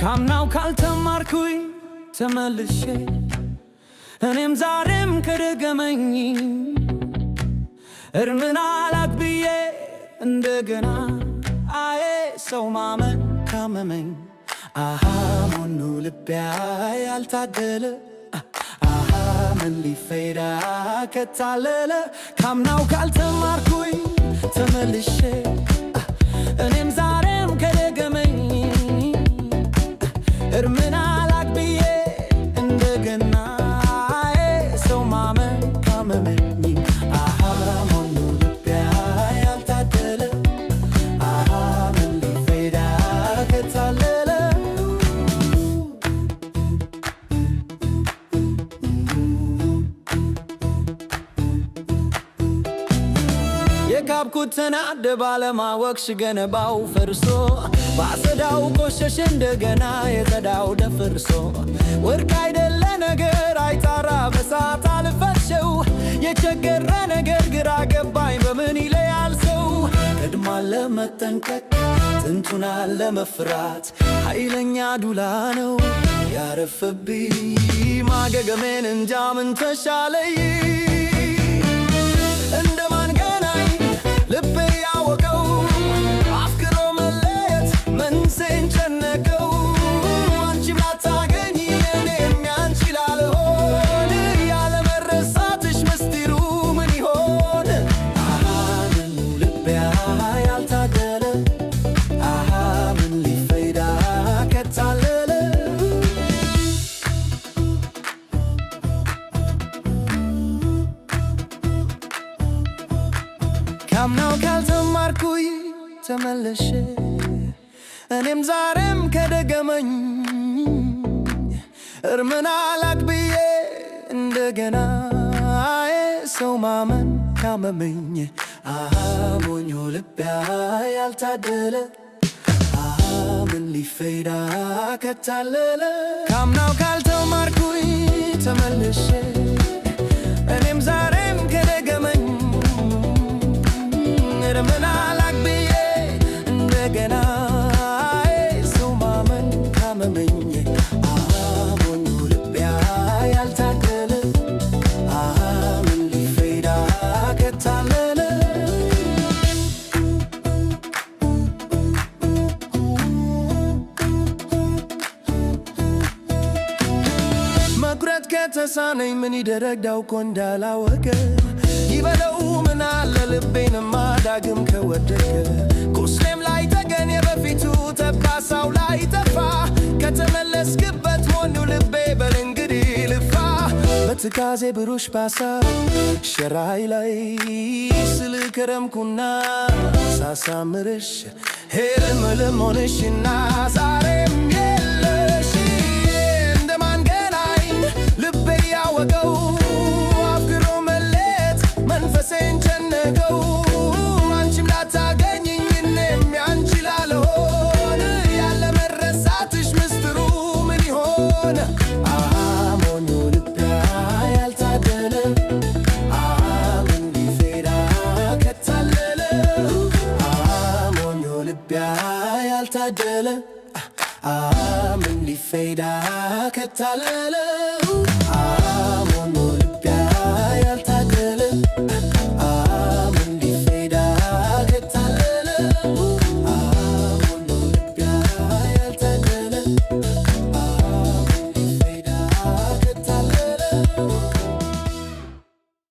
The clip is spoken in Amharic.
ካምናው ካልተማርኩኝ ተመልሼ እኔም ዛሬም ከደገመኝ እርምና አላቅ ብዬ እንደገና አዬ ሰው ማመን ካመመኝ አሃ ሞኑ ልቢያ ያልታደለ አሃ ምን ሊፈይዳ ከታለለ ካምናው ካልተማርኩኝ ተመልሼ ያብኩት ተናደ ባለማወቅ ሽገነባው ፈርሶ ባጸዳው ቆሸሽ እንደገና የጸዳው ደፍርሶ ወርቅ አይደለ ነገር አይጣራ በሳት አልፈሸው የቸገረ ነገር ግራ ገባኝ በምን ይለያል ሰው ቅድማ ለመጠንቀቅ ጥንቱን አለመፍራት ኃይለኛ ዱላ ነው ያረፈብኝ ማገገሜን እንጃ ምን ተሻለይ ካምናው ካልተማርኩኝ ተመለሸ እኔም ዛሬም ከደገመኝ እርምና ላቅ ብዬ እንደገና ሰው ማመን ካመመኝ አሞኞ ሞኞ ልቢያ ያልታደለ አሃ ምን ሊፈይዳ ከታለለ ካምናው ካልተማርኩኝ ተመለሸ ተሳነኝ ምን ይደረግ ዳውኮ እንዳላወቀ ይበለው ምን አለ ልቤንማ ዳግም ከወደቀ ቁስሌም ላይ ተገን የበፊቱ ተብካሳው ላይ ተፋ ከተመለስክበት ሞኙ ልቤ በል እንግዲህ ልፋ በትካዜ ብሩሽ ባሳ ሸራይ ላይ ስል ከረምኩና ሳሳምርሽ ሄልም ዛሬም ያልታደለ ምን ሊፈይዳ ከታለለ